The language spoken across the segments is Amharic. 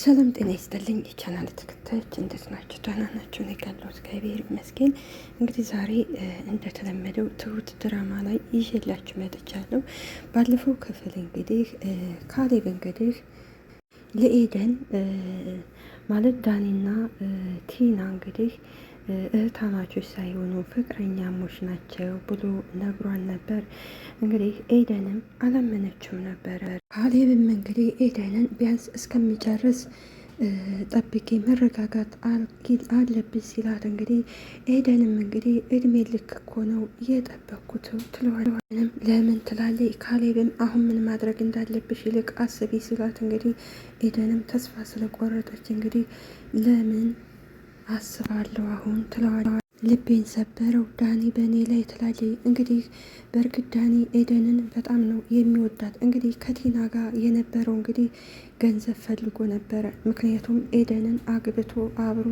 ሰላም ጤና ይስጥልኝ። የቻናል ተከታዮች እንዴት ናቸው? ደህና ናቸው? እኔ ጋለሁት እግዚአብሔር ይመስገን። እንግዲህ ዛሬ እንደተለመደው ትሁት ድራማ ላይ ይዤላችሁ መጥቻለሁ። ባለፈው ክፍል እንግዲህ ካሌብ እንግዲህ ለኤደን ማለት ዳኒና ቲና እንግዲህ እህታማቾች ሳይሆኑ ፍቅረኛሞች ናቸው ብሎ ነግሯን ነበር። እንግዲህ ኤደንም አላመነችውም ነበረ። ካሌብም እንግዲህ ኤደንን ቢያንስ እስከሚጨርስ ጠብቄ መረጋጋት አለብኝ ሲላት እንግዲህ ኤደንም እንግዲህ እድሜ ልክ እኮ ነው የጠበኩት ትለዋለንም ለምን ትላለች። ካሌብም አሁን ምን ማድረግ እንዳለብሽ ይልቅ አስቢ ሲላት እንግዲህ ኤደንም ተስፋ ስለቆረጠች እንግዲህ ለምን አስባለሁ አሁን ትለዋለች። ልቤን ሰበረው ዳኒ በእኔ ላይ ትላለች። እንግዲህ በእርግጥ ዳኒ ኤደንን በጣም ነው የሚወዳት። እንግዲህ ከቲና ጋር የነበረው እንግዲህ ገንዘብ ፈልጎ ነበረ። ምክንያቱም ኤደንን አግብቶ አብሮ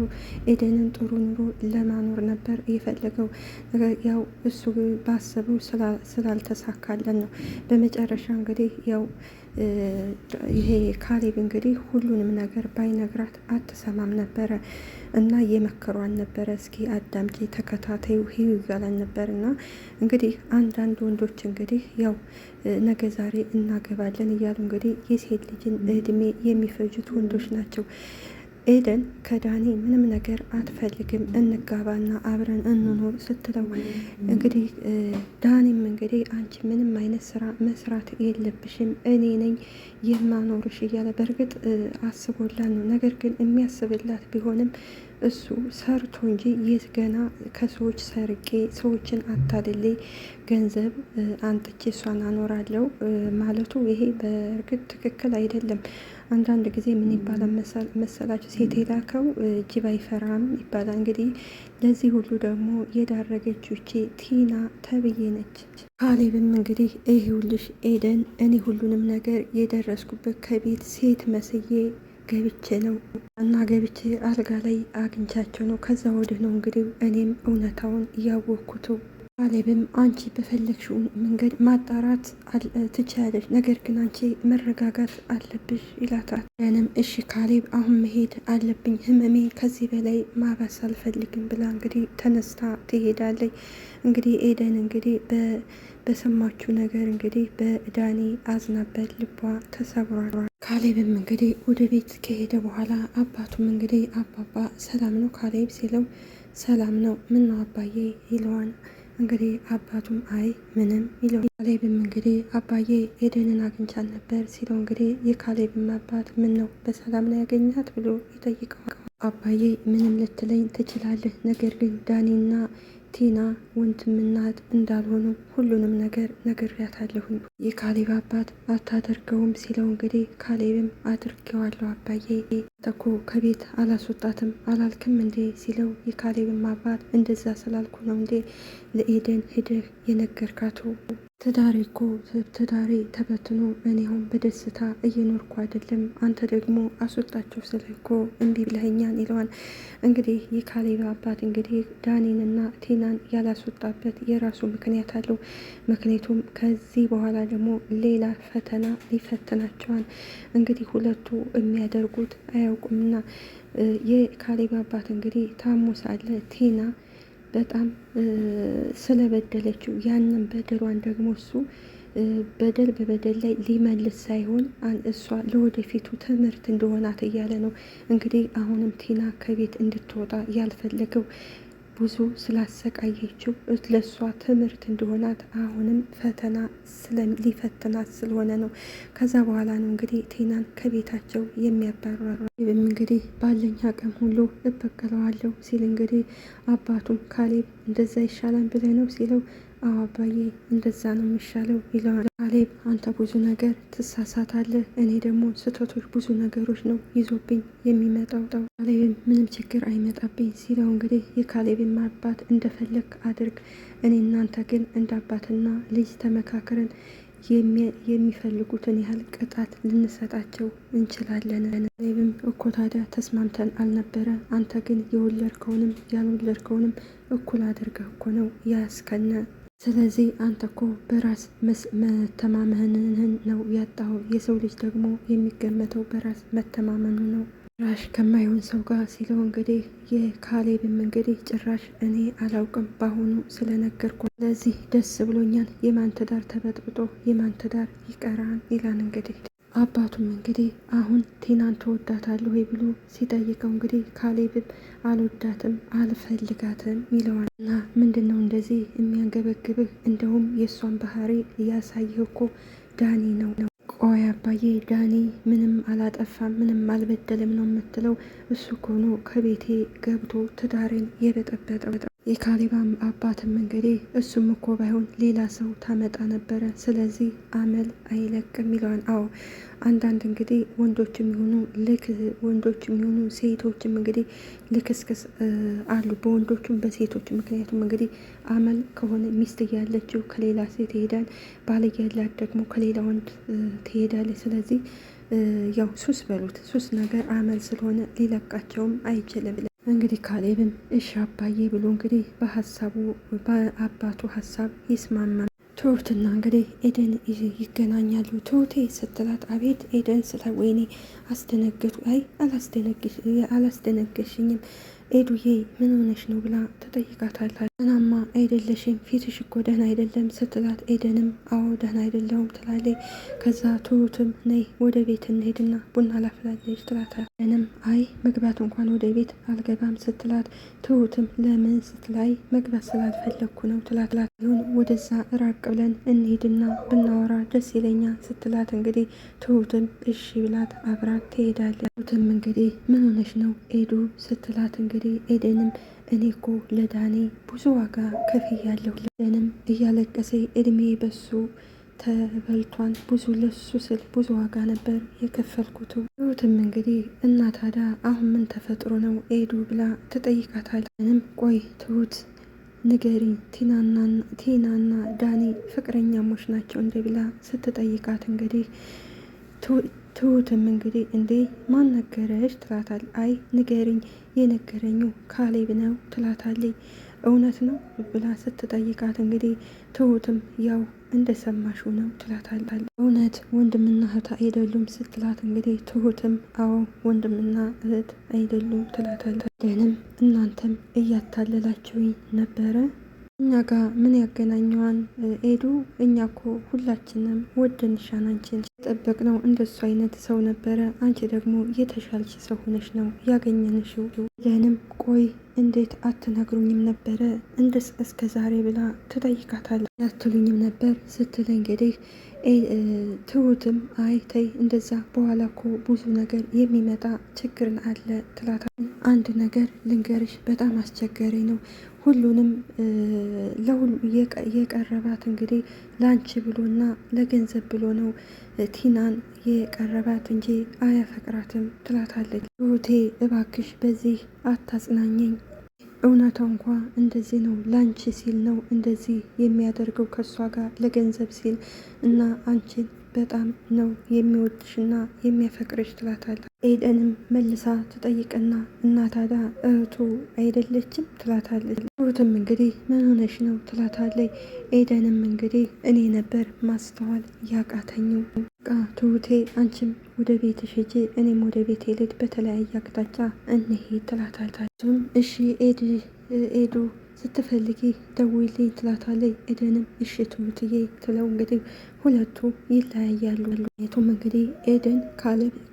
ኤደንን ጥሩ ኑሮ ለማኖር ነበር የፈለገው። ያው እሱ ባሰበው ስላልተሳካለን ነው። በመጨረሻ እንግዲህ ያው ይሄ ካሌብ እንግዲህ ሁሉንም ነገር ባይነግራት አትሰማም ነበረ እና የመከሯን ነበረ። እስኪ አዳምጪ፣ ተከታተዩ ሂዩ ይላል ነበር እና እንግዲህ አንዳ አንዳንድ ወንዶች እንግዲህ ያው ነገ ዛሬ እናገባለን እያሉ እንግዲህ የሴት ልጅን እድሜ የሚፈጁት ወንዶች ናቸው። ኤደን ከዳኒ ምንም ነገር አትፈልግም፣ እንጋባና አብረን እንኖር ስትለው እንግዲህ ዳኒም እንግዲህ አንቺ ምንም አይነት ስራ መስራት የለብሽም እኔ ነኝ የማኖርሽ እያለ በእርግጥ አስቦላት ነው። ነገር ግን የሚያስብላት ቢሆንም እሱ ሰርቶ እንጂ የት ገና ከሰዎች ሰርቄ ሰዎችን አታድሌ ገንዘብ አንጥቼ እሷን አኖራለው ማለቱ ይሄ በእርግጥ ትክክል አይደለም። አንዳንድ ጊዜ ምን ይባላል መሰላችሁ? ሴት የላከው ጅብ አይፈራም ይባላል። እንግዲህ ለዚህ ሁሉ ደግሞ የዳረገች ውቼ ቲና ተብዬ ነች። ካሌብም እንግዲህ ይሄውልሽ ኤደን፣ እኔ ሁሉንም ነገር የደረስኩበት ከቤት ሴት መስዬ ገብቼ ነው እና ገብቼ አልጋ ላይ አግኝቻቸው ነው። ከዛ ወዲህ ነው እንግዲህ እኔም እውነታውን እያወቅኩት ካሌብም አንቺ በፈለግሽው መንገድ ማጣራት ትችላለች፣ ነገር ግን አንቺ መረጋጋት አለብሽ ይላታል። ያንም እሺ ካሌብ አሁን መሄድ አለብኝ፣ ህመሜ ከዚህ በላይ ማባስ አልፈልግም ብላ እንግዲህ ተነስታ ትሄዳለች። እንግዲህ ኤደን እንግዲህ በሰማችው ነገር እንግዲህ በዳኒ አዝናበት ልቧ ተሰብሯል። ካሌብም እንግዲህ ወደ ቤት ከሄደ በኋላ አባቱም እንግዲህ አባባ ሰላም ነው ካሌብ ሲለው ሰላም ነው ምን አባዬ ይለዋል። እንግዲህ አባቱም አይ ምንም ይለው ካሌብም እንግዲህ አባዬ ኤደንን አግኝቻት ነበር ሲለው እንግዲህ የካሌብም አባት ምን ነው በሰላም ላይ ያገኛት ብሎ ይጠይቀዋል። አባዬ ምንም ልትለኝ ትችላለህ፣ ነገር ግን ዳኒና ቲና ወንድምና እህት እንዳልሆኑ ሁሉንም ነገር ነግሬያታለሁኝ። የካሌብ አባት አታደርገውም ሲለው እንግዲህ ካሌብም አድርጌዋለሁ አባዬ ተኮ ከቤት አላስወጣትም አላልክም እንዴ ሲለው የካሌብም አባት እንደዛ ስላልኩ ነው እንዴ ለኤደን ሂደህ የነገርካቱ ትዳሬ እኮ ትዳሬ ተበትኖ እኔሁም በደስታ እየኖርኩ አይደለም። አንተ ደግሞ አስወጣቸው ስለ እኮ እምቢ ይለዋል። እንግዲህ የካሌብ አባት እንግዲህ ዳኒንና ቲናን ያላስወጣበት የራሱ ምክንያት አለው። ምክንያቱም ከዚህ በኋላ ደግሞ ሌላ ፈተና ሊፈትናቸዋል። እንግዲህ ሁለቱ የሚያደርጉት አያውቁምና የካሌብ አባት እንግዲህ ታሞ ሳለ ቲና በጣም ስለበደለችው ያንን በደሯን ደግሞ እሱ በደል በበደል ላይ ሊመልስ ሳይሆን እሷ ለወደፊቱ ትምህርት እንደሆናት እያለ ነው። እንግዲህ አሁንም ቲና ከቤት እንድትወጣ ያልፈለገው ብዙ ስላሰቃየችው ለእሷ ትምህርት እንደሆናት አሁንም ፈተና ሊፈትናት ስለሆነ ነው። ከዛ በኋላ ነው እንግዲህ ቴናን ከቤታቸው የሚያባረሩ። እንግዲህ ባለኝ አቅም ሁሉ እበቀለዋለሁ ሲል እንግዲህ አባቱም ካሌብ እንደዛ ይሻላል ብለህ ነው ሲለው አባዬ እንደዛ ነው የሚሻለው ይለዋል። ካሌብ አንተ ብዙ ነገር ትሳሳታለህ፣ እኔ ደግሞ ስህተቶች ብዙ ነገሮች ነው ይዞብኝ የሚመጣው። ካሌብም ምንም ችግር አይመጣብኝ ሲለው እንግዲህ የካሌብን አባት እንደፈለግ አድርግ፣ እኔ እናንተ ግን እንደ አባትና ልጅ ተመካከርን የሚፈልጉትን ያህል ቅጣት ልንሰጣቸው እንችላለን። ካሌብም እኮ ታዲያ ተስማምተን አልነበረ? አንተ ግን የወለድከውንም ያልወለድከውንም እኩል አድርገህ እኮ ነው ያስከነ ስለዚህ አንተ እኮ በራስ መተማመንህን ነው ያጣው። የሰው ልጅ ደግሞ የሚገመተው በራስ መተማመኑ ነው። ጭራሽ ከማይሆን ሰው ጋር ሲለው እንግዲህ የካሌብም እንግዲህ ጭራሽ እኔ አላውቅም በአሁኑ ስለነገርኩ ስለዚህ ደስ ብሎኛል። የማን ትዳር ተበጥብጦ የማን ትዳር ይቀራን ይላል እንግዲህ አባቱም እንግዲህ አሁን ቲናን ትወዳታለህ ወይ ብሎ ሲጠይቀው እንግዲህ ካሌብም አልወዳትም አልፈልጋትም ይለዋል። እና ምንድን ነው እንደዚህ የሚያንገበግብህ? እንደውም የእሷን ባህሪ እያሳየህ እኮ ዳኒ ነው ነው ቆይ አባዬ ዳኒ ምንም አላጠፋም ምንም አልበደለም ነው የምትለው? እሱ እኮ ከቤቴ ገብቶ ትዳሬን የበጠበጠው። የካሌብም አባትም እንግዲህ እሱም እኮ ባይሆን ሌላ ሰው ታመጣ ነበረ፣ ስለዚህ አመል አይለቅም ይለዋል። አዎ አንዳንድ እንግዲህ ወንዶች የሚሆኑ ልክ ወንዶች የሚሆኑ ሴቶችም እንግዲህ ልክስክስ አሉ፣ በወንዶቹም በሴቶች ምክንያቱም እንግዲህ አመል ከሆነ ሚስት እያለችው ከሌላ ሴት ትሄዳል፣ ባል እያላት ደግሞ ከሌላ ወንድ ትሄዳለች። ስለዚህ ያው ሱስ በሉት ሱስ ነገር አመል ስለሆነ ሊለቃቸውም አይችልም። እንግዲህ ካሌብም እሺ አባዬ ብሎ እንግዲህ በሀሳቡ በአባቱ ሀሳብ ይስማማል። ትሁትና እንግዲህ ኤደን ይገናኛሉ። ትሁቴ ስትላት አቤት ኤደን ስለ ወይኔ አስደነገጡ። አይ አላስደነገሽኝም ኤዱዬ ምን ሆነሽ ነው ብላ ትጠይቃታለች። እናማ አይደለሽም ፊትሽ እኮ ደህና አይደለም ስትላት፣ ኤደንም አዎ ደህና አይደለሁም ትላለች። ከዛ ትሁትም ነይ ወደ ቤት እንሄድና ቡና ላፍላለች ትላታለች። ኤደንም አይ መግባት እንኳን ወደ ቤት አልገባም ስትላት፣ ትሁትም ለምን ስትላይ መግባት ስላልፈለግኩ ነው ትላትላት። ይሁን ወደዛ ራቅ ብለን እንሄድና ብናወራ ደስ ይለኛ ስትላት፣ እንግዲህ ትሁትም እሺ ብላት አብራት ትሄዳለች። ትሁትም እንግዲህ ምን ሆነሽ ነው ኤዱ ስትላት እንግዲህ እንግዲህ ኤደንም እኔ እኮ ለዳኔ ብዙ ዋጋ ከፍያለሁ ኤደንም እያለቀሰ እድሜ በሱ ተበልቷን ብዙ ለሱ ስል ብዙ ዋጋ ነበር የከፈልኩት። ሩትም እንግዲህ እና ታዲያ አሁን ምን ተፈጥሮ ነው ኤዱ ብላ ትጠይቃታለች። ምንም ቆይ ትሁት ንገሪ፣ ቲናና ዳኒ ፍቅረኛሞች ናቸው እንደ ብላ ስትጠይቃት እንግዲህ ትሁትም እንግዲህ እንዴ ማን ነገረሽ ትላታል። አይ ንገሪኝ የነገረኙ ካሌብ ነው ትላታለኝ። እውነት ነው ብላ ስትጠይቃት እንግዲህ ትሁትም ያው እንደሰማሹ ነው ትላታል። እውነት ወንድምና እህት አይደሉም ስትላት እንግዲህ ትሁትም አዎ ወንድምና እህት አይደሉም ትላታል። ደንም እናንተም እያታለላችሁኝ ነበረ እኛ ጋር ምን ያገናኘዋን ኤዱ? እኛ ኮ ሁላችንም ወደንሻን አንቺን የጠበቅነው እንደሱ አይነት ሰው ነበረ። አንቺ ደግሞ የተሻልሽ ሰው ሆነሽ ነው ያገኘንሽው። ይህንም ቆይ እንዴት አትነግሩኝም ነበረ እንደስ እስከ ዛሬ ብላ ትጠይቃታለ። ያትሉኝም ነበር ስትል እንግዲህ ትሁትም አይ ተይ እንደዛ በኋላ ኮ ብዙ ነገር የሚመጣ ችግርን አለ ትላታ አንድ ነገር ልንገርሽ፣ በጣም አስቸጋሪ ነው። ሁሉንም ለሁሉ የቀረባት እንግዲህ ለአንቺ ብሎና ለገንዘብ ብሎ ነው ቲናን የቀረባት እንጂ አያፈቅራትም ትላታለች። ሩቴ እባክሽ በዚህ አታጽናኘኝ። እውነታው እንኳ እንደዚህ ነው። ለአንቺ ሲል ነው እንደዚህ የሚያደርገው ከእሷ ጋር ለገንዘብ ሲል እና አንቺን በጣም ነው የሚወድሽና የሚያፈቅርሽ ትላታለች። ኤደንም መልሳ ትጠይቅና እናታዳ እህቱ አይደለችም ትላታለች። ሩትም እንግዲህ ምን ሆነሽ ነው ትላታለች። ኤደንም እንግዲህ እኔ ነበር ማስተዋል ያቃተኝው። በቃ ትሁቴ አንቺም ወደ ቤትሽ ሂጂ፣ እኔም ወደ ቤት ሄልድ በተለያየ አቅጣጫ እንሄድ ትላታለች። እሺ ኤድ ኤዱ ስትፈልጊ ደውዪልኝ ትላታለች። ኤደንም እሺ ትሁትዬ ትለው እንግዲህ ሁለቱ ይለያያሉ። ቱም እንግዲህ ኤደን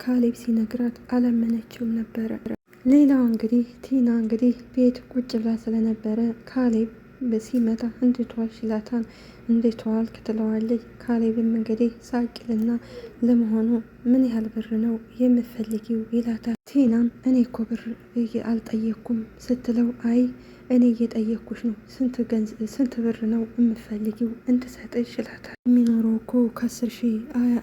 ካሌብ ሲነግራት አላመነችውም ነበረ። ሌላው እንግዲህ ቲና እንግዲህ ቤት ቁጭ ብላ ስለነበረ ካሌብ ሲመጣ እንዴት ዋልሽ ይላታል። እንዴት ካሌብም እንግዲህ ሳቂልና ለመሆኑ ምን ያህል ብር ነው የምፈልጊው ይላታል። ቲናም እኔ እኮ ብር አልጠየኩም ስትለው አይ እኔ እየጠየኩሽ ነው። ስንት ብር ነው የምፈልጊው እንድሰጥ ይችላታል። የሚኖረው እኮ ከአስር ሺህ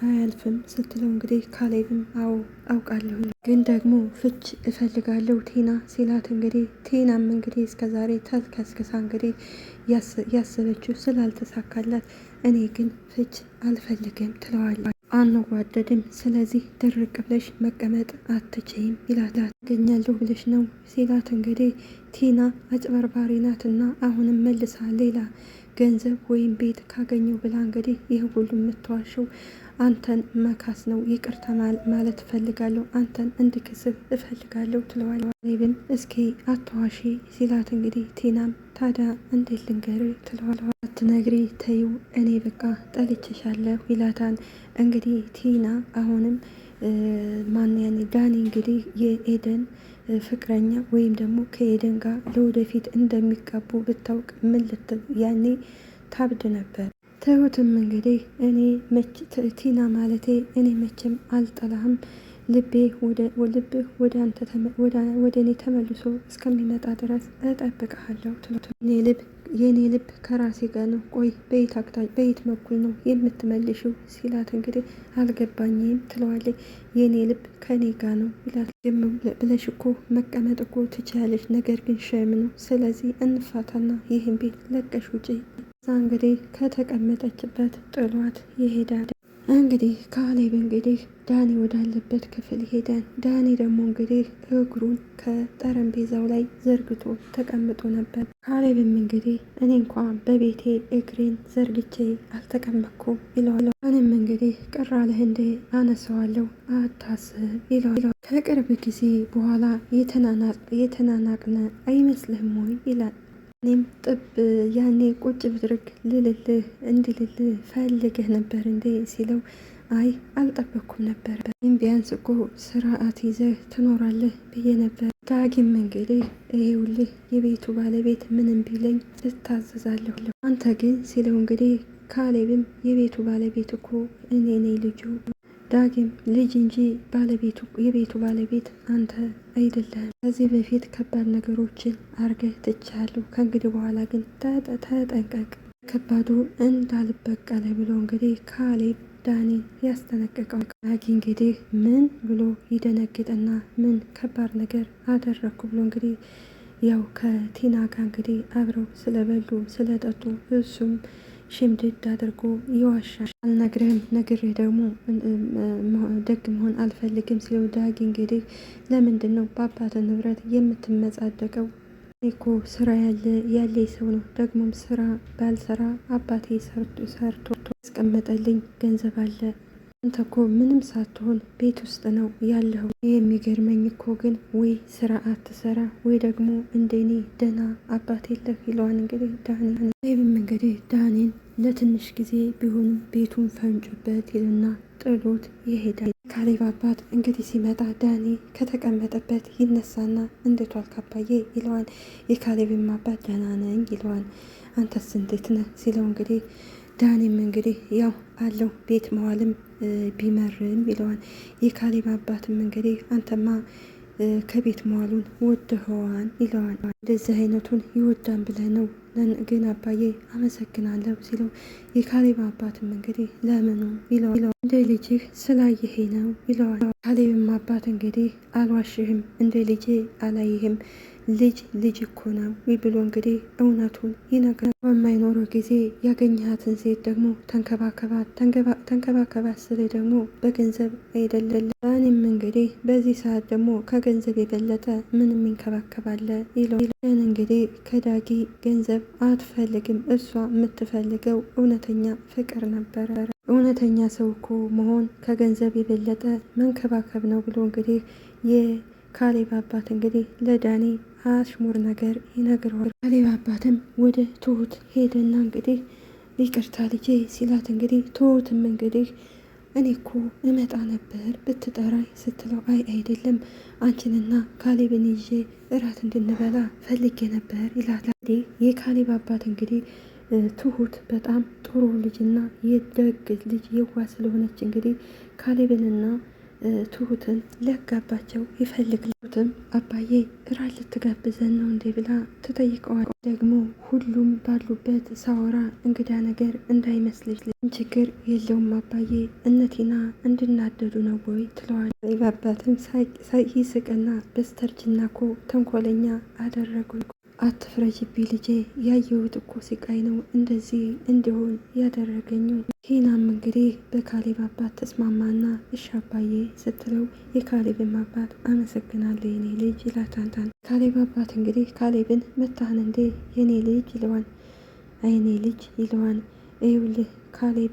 አያልፍም ስትለው እንግዲህ ካሌብም አዎ አውቃለሁ፣ ግን ደግሞ ፍች እፈልጋለሁ ቴና ሲላት እንግዲህ ቴናም እንግዲህ እስከዛሬ ተልከስክሳ እንግዲህ ያሰበችው ስላልተሳካላት እኔ ግን ፍች አልፈልግም ትለዋለች። አንዋደድም፣ ስለዚህ ድርቅ ብለሽ መቀመጥ አትችይም ይላታል። አገኛለሁ ብለሽ ነው ሲላት እንግዲህ ቲና አጭበርባሪ ናት ናትና አሁንም መልሳ ሌላ ገንዘብ ወይም ቤት ካገኘው ብላ እንግዲህ ይህ ሁሉ የምትዋሽው አንተን መካስ ነው። ይቅርታ ማለት እፈልጋለሁ፣ አንተን እንድክስብ እፈልጋለሁ ትለዋል። ሌብም እስኪ አትዋሺ ሲላት እንግዲህ ቲናም ታዲያ እንዴት ልንገር ትለዋለች። አትነግሪ ተዩ እኔ በቃ ጠልቼሻለሁ ይላታል። እንግዲህ ቲና አሁንም ማን ያኔ ዳኒ እንግዲህ የኤደን ፍቅረኛ ወይም ደግሞ ከኤደን ጋር ለወደፊት እንደሚጋቡ ብታውቅ ምን ልትል ያኔ ታብድ ነበር። ትሁትም እንግዲህ እኔ ቲና ማለቴ እኔ መቼም አልጠላህም ልቤ ልብህ ወደ እኔ ተመልሶ እስከሚመጣ ድረስ እጠብቅሃለሁ ትሎ የእኔ ልብ ከራሴ ጋር ነው። ቆይ በየት አቅጣጫ በየት በኩል ነው የምትመልሽው? ሲላት እንግዲህ አልገባኝም ትለዋለች። የእኔ ልብ ከእኔ ጋር ነው ይላት። ዝም ብለሽ እኮ መቀመጥ እኮ ትችያለሽ፣ ነገር ግን ሸም ነው። ስለዚህ እንፋታና ይህን ቤት ለቀሽ ውጪ። እዛ እንግዲህ ከተቀመጠችበት ጥሏት ይሄዳል። እንግዲህ ካሌብ እንግዲህ ዳኒ ወዳለበት ክፍል ሄደን ዳኒ ደግሞ እንግዲህ እግሩን ከጠረጴዛው ላይ ዘርግቶ ተቀምጦ ነበር። ካሌብም እንግዲህ እኔ እንኳ በቤቴ እግሬን ዘርግቼ አልተቀመጥኩም ይለዋለሁ። እኔም እንግዲህ ቅር አለህ እንዴ? አነሰዋለሁ፣ አታስብ ይለዋለሁ። ከቅርብ ጊዜ በኋላ የተናናቅነ አይመስልህም ወይ ይላል። እኔም ጥብ ያኔ ቁጭ ብድርግ ልልልህ እንድልልህ ፈልገህ ነበር እንዴ ሲለው አይ አልጠበኩም ነበር። ይህም ቢያንስ እኮ ስርዓት ይዘህ ትኖራለህ ብዬ ነበር። ዳግም እንግዲህ እሄውልህ የቤቱ ባለቤት ምንም ቢለኝ ልታዘዛለሁ። አንተ ግን ሲለው እንግዲህ ካሌብም የቤቱ ባለቤት እኮ እኔ ነኝ ልጁ ዳግም ልጅ እንጂ ባለቤቱ የቤቱ ባለቤት አንተ አይደለህም። ከዚህ በፊት ከባድ ነገሮችን አርገህ ትቻለሁ። ከእንግዲህ በኋላ ግን ተጠንቀቅ፣ ከባዱ እንዳልበቀለ ብሎ እንግዲህ ካሌብ ዳኒ ያስጠነቀቀው። ዳጊ እንግዲህ ምን ብሎ ይደነግጥና ምን ከባድ ነገር አደረግኩ ብሎ እንግዲህ ያው ከቲና ጋር እንግዲህ አብረው ስለበሉ ስለጠጡ እሱም ሽምድድ አድርጎ ይዋሻል። አልነግርህም ነግሬ ደግሞ ደግ መሆን አልፈልግም ሲለው ዳጊ እንግዲህ ለምንድን ነው በአባተ ንብረት የምትመጻደቀው? እኮ ስራ ያለ ያለ ሰው ነው። ደግሞም ስራ ባልሰራ አባቴ ሰርቶ ያስቀመጠልኝ ገንዘብ አለ። አንተ እኮ ምንም ሳትሆን ቤት ውስጥ ነው ያለው። የሚገርመኝ እኮ ግን ወይ ስራ አትሰራ ወይ ደግሞ እንደኔ ደህና አባት የለህ ይለዋን። እንግዲህ ዳኒ ይህም እንግዲህ ዳኒን ለትንሽ ጊዜ ቢሆንም ቤቱን ፈንጩበት ይልና ጥሎት ይሄዳል። ካሌብ አባት እንግዲህ ሲመጣ ዳኒ ከተቀመጠበት ይነሳና እንዴት ዋልክ አባዬ ይለዋል። የካሌብም አባት ደህና ነኝ ይለዋል። አንተስ እንዴት ነህ ሲለው እንግዲህ ዳኒም እንግዲህ ያው አለው ቤት መዋልም ቢመርም ይለዋል። የካሌብ አባትም እንግዲህ አንተማ ከቤት መዋሉን ወድኸዋን ይለዋል። እንደዚህ አይነቱን ይወዳን ብለህ ነው ግን አባዬ አመሰግናለሁ ሲለው የካሌብ አባትም እንግዲህ ለምኑ ይለዋል። እንደ ልጅህ ስላየሄ ነው ይለዋል። ካሌብም አባት እንግዲህ አልዋሽህም፣ እንደ ልጄ አላይህም ልጅ ልጅ እኮ ነው ብሎ እንግዲህ እውነቱን ይነግራል። በማይኖረው ጊዜ ያገኘሃትን ሴት ደግሞ ተንከባከባት። ተንከባከባት ስለ ደግሞ በገንዘብ አይደለም። እኔም እንግዲህ በዚህ ሰዓት ደግሞ ከገንዘብ የበለጠ ምን የሚንከባከባለ ይለው። እንግዲህ ከዳጊ ገንዘብ አትፈልግም። እሷ የምትፈልገው እውነተኛ ፍቅር ነበረ። እውነተኛ ሰው እኮ መሆን ከገንዘብ የበለጠ መንከባከብ ነው ብሎ እንግዲህ የካሌብ አባት እንግዲህ ለዳኔ አሽሙር ነገር ይነግረዋል። ካሌብ አባትም ወደ ትሁት ሄደና እንግዲህ ይቅርታ ልጄ ሲላት እንግዲህ ትሁትም እንግዲህ እኔ እኮ እመጣ ነበር ብትጠራኝ ስትለው፣ አይ አይደለም አንቺንና ካሌብን ይዤ እራት እንድንበላ ፈልጌ ነበር ይላታል። የካሌብ አባት እንግዲህ ትሁት በጣም ጥሩ ልጅና የደግ ልጅ የዋ ስለሆነች እንግዲህ ካሌብንና ትሁትን ሊያጋባቸው ይፈልጋል። ትሁትም አባዬ እራት ልትጋብዘን ነው እንዴ ብላ ትጠይቀዋል። ደግሞ ሁሉም ባሉበት ሳወራ እንግዳ ነገር እንዳይመስልሽ ችግር የለውም አባዬ እነቲና እንድናደዱ ነው ወይ ትለዋል። ባባትም ሳይስቅና በስተርጅና ኮ ተንኮለኛ አደረጉ። አትፍረጅብኝ ልጄ፣ ያየሁት እኮ ስቃይ ነው እንደዚህ እንዲሆን ያደረገኝው። ሂናም እንግዲህ በካሌብ አባት ተስማማና እሺ አባዬ ስትለው የካሌብን አባት አመሰግናለሁ የኔ ልጅ ይላታንታን። ካሌብ አባት እንግዲህ ካሌብን መታህን እንዴ የኔ ልጅ ይለዋል። አይኔ ልጅ ይለዋል። ይኸውልህ ካሌብ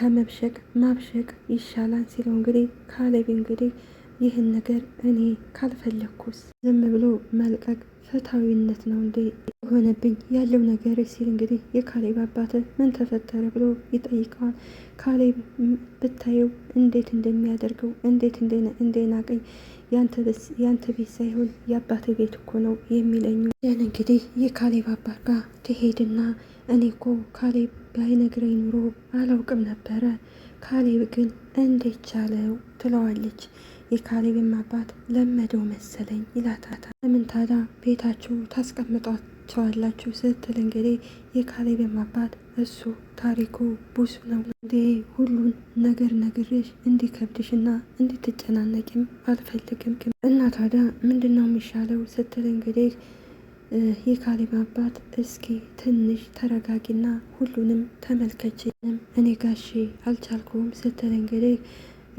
ከመብሸቅ ማብሸቅ ይሻላል ሲለው እንግዲህ ካሌብ እንግዲህ ይህን ነገር እኔ ካልፈለግኩስ ዝም ብሎ መልቀቅ ፍትሐዊነት ነው እንዴ ሆነብኝ ያለው ነገር ሲል እንግዲህ የካሌብ አባት ምን ተፈጠረ ብሎ ይጠይቀዋል። ካሌብ ብታየው እንዴት እንደሚያደርገው እንዴት እንደናቀኝ ያንተ ቤት ሳይሆን የአባት ቤት እኮ ነው የሚለኝ። ያን እንግዲህ የካሌብ አባት ጋር ትሄድና እኔ እኮ ካሌብ ባይነግረኝ ኑሮ አላውቅም ነበረ፣ ካሌብ ግን እንዴት ቻለው ትለዋለች። የካሌብም አባት ለመደው መሰለኝ ይላታታ። ለምን ታዲያ ቤታችሁ ታስቀምጧቸዋላችሁ ስትል እንግዲህ የካሌብም አባት እሱ ታሪኩ ብዙ ነው እንዴ ሁሉን ነገር ነግሬሽ እንዲከብድሽ እንዲከብድሽና እንድትጨናነቂም አልፈልግም። እና ታዲያ ምንድን ነው የሚሻለው ስትል እንግዲህ የካሌብ አባት እስኪ ትንሽ ተረጋጊና ሁሉንም ተመልከችንም እኔ ጋሼ አልቻልኩም ስትል እንግዲህ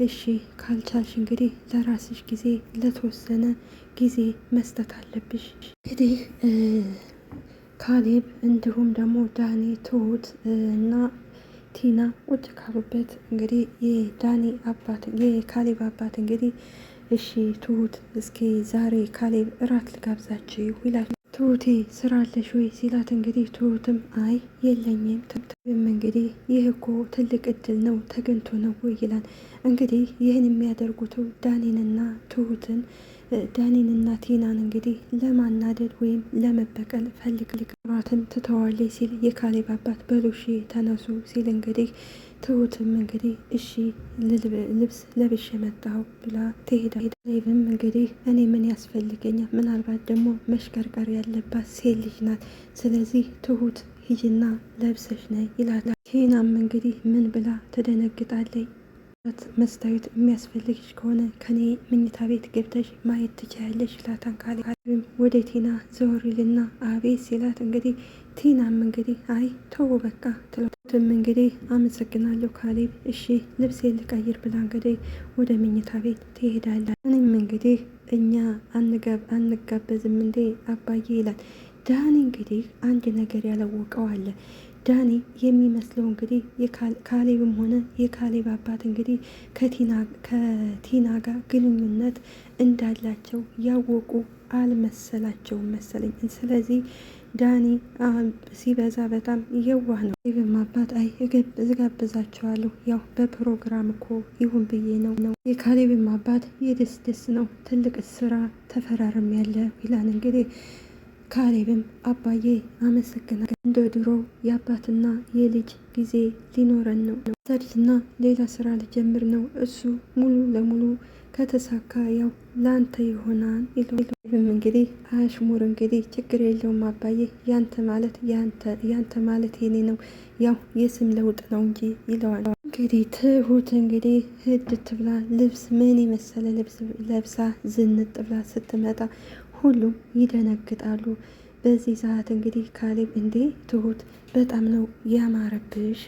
እሺ ካልቻልሽ እንግዲህ ለራስሽ ጊዜ ለተወሰነ ጊዜ መስጠት አለብሽ። እንግዲህ ካሌብ እንዲሁም ደግሞ ዳኒ ትሁት እና ቲና ቁጭ ካሉበት እንግዲህ የዳኒ አባት የካሌብ አባት እንግዲህ እሺ ትሁት እስኪ ዛሬ ካሌብ እራት ልጋብዛችሁ ይላል። ትሁቴ ስራለሽ ወይ ሲላት እንግዲህ ትሁትም አይ የለኝም። ትምትም እንግዲህ ይህ እኮ ትልቅ እድል ነው ተገኝቶ ነው ወይ ይላል። እንግዲህ ይህን የሚያደርጉት ዳኒንና ትሁትን ዳኒንና ቲናን እንግዲህ ለማናደድ ወይም ለመበቀል ፈልግ ልቅራትን ትተዋለች ሲል የካሌብ አባት በሉሺ ተነሱ ሲል እንግዲህ ትሁትም እንግዲህ እሺ ልብስ ለብሽ የመጣው ብላ ትሄዳ። ሌብም እንግዲህ እኔ ምን ያስፈልገኛል? ምናልባት ደግሞ መሽቀርቀር ያለባት ሴት ልጅ ናት። ስለዚህ ትሁት ሂጂና ለብሰሽ ነይ ይላታል። ቲናም እንግዲህ ምን ብላ ትደነግጣለች። መስታወት የሚያስፈልግሽ ከሆነ ከኔ ምኝታ ቤት ገብተሽ ማየት ትችያለሽ ይላታል። ካሌብም ወደ ቴና ዘወር ይልና አቤት ሲላት እንግዲህ ቲናም እንግዲህ አይ ተው በቃ ትለትም እንግዲህ አመሰግናለሁ ካሌብ፣ እሺ ልብስ ልቀይር ብላ እንግዲህ ወደ መኝታ ቤት ትሄዳለ። እኔም እንግዲህ እኛ አንጋበዝም እንዴ አባዬ ይላል ዳኒ። እንግዲህ አንድ ነገር ያላወቀው አለ ዳኒ የሚመስለው እንግዲህ ካሌብም ሆነ የካሌብ አባት እንግዲህ ከቲና ጋር ግንኙነት እንዳላቸው ያወቁ አልመሰላቸውም መሰለኝ። ስለዚህ ዳኒ ሲበዛ በጣም የዋህ ነው። ኢቭን አባት አይ እጋብዛቸዋለሁ ያው በፕሮግራም እኮ ይሁን ብዬ ነው ነው የካሌብም አባት የደስ ደስ ነው ትልቅ ስራ ተፈራርም ያለ ይላል። እንግዲህ ካሌብም አባዬ አመሰግና እንደ ድሮ የአባትና የልጅ ጊዜ ሊኖረን ነው እና ሌላ ስራ ልጀምር ነው እሱ ሙሉ ለሙሉ ከተሳካ ያው ለአንተ ይሆናል ይሉም እንግዲህ አሽሙር እንግዲህ ችግር የለውም አባዬ፣ ያንተ ማለት ያንተ ማለት የኔ ነው፣ ያው የስም ለውጥ ነው እንጂ ይለዋል። እንግዲህ ትሁት እንግዲህ ህድ ትብላ ልብስ ምን የመሰለ ልብስ ለብሳ ዝንጥ ብላ ስትመጣ ሁሉም ይደነግጣሉ። በዚህ ሰዓት እንግዲህ ካሌብ እንዴ ትሁት በጣም ነው ያማረብሽ፣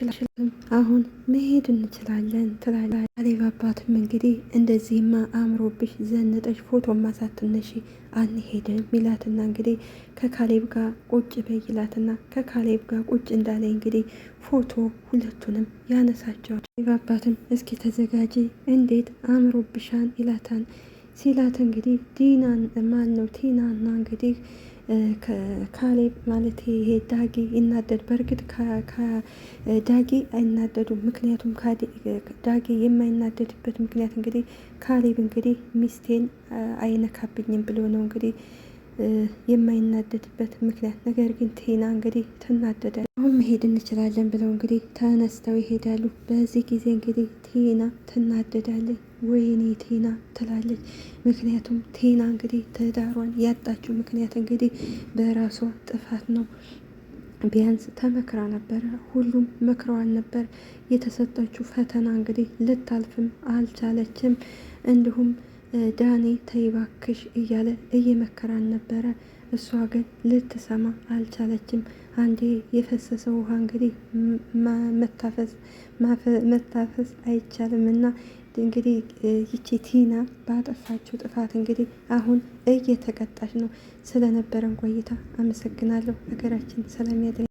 አሁን መሄድ እንችላለን ትላለች። ካሌብ አባትም እንግዲህ እንደዚህማ አምሮብሽ ዘንጠሽ ፎቶ ማሳትነሽ አንሄድም ይላትና እንግዲህ ከካሌብ ጋር ቁጭ በይ ይላትና ከካሌብ ጋር ቁጭ እንዳለ እንግዲህ ፎቶ ሁለቱንም ያነሳቸዋል። ካሌብ አባትም እስኪ ተዘጋጂ፣ እንዴት አምሮብሻን ይላታን ሲላት እንግዲህ ዲናን ማን ነው ቲናና እንግዲህ ካሌብ ማለት ይሄ ዳጊ ይናደድ። በእርግጥ ዳጊ አይናደዱ ምክንያቱም ዳጊ የማይናደድበት ምክንያት እንግዲህ ካሌብ እንግዲህ ሚስቴን አይነካብኝም ብሎ ነው እንግዲህ የማይናደድበት ምክንያት። ነገር ግን ቴና እንግዲህ ትናደዳል። አሁን መሄድ እንችላለን ብለው እንግዲህ ተነስተው ይሄዳሉ። በዚህ ጊዜ እንግዲህ ቴና ትናደዳለች። ወይኔ ቴና ትላለች። ምክንያቱም ቴና እንግዲህ ትዳሯን ያጣችው ምክንያት እንግዲህ በራሷ ጥፋት ነው። ቢያንስ ተመክራ ነበረ። ሁሉም መክረዋል ነበር። የተሰጠችው ፈተና እንግዲህ ልታልፍም አልቻለችም። እንዲሁም ዳኔ ተይባክሽ እያለ እየመከራን ነበረ። እሷ ግን ልትሰማ አልቻለችም። አንዴ የፈሰሰ ውሃ እንግዲህ መታፈስ አይቻልም እና እንግዲህ ይቺ ቲና ባጠፋችው ጥፋት እንግዲህ አሁን እየተቀጣች ነው። ስለነበረን ቆይታ አመሰግናለሁ። ሀገራችን ሰላም ያደ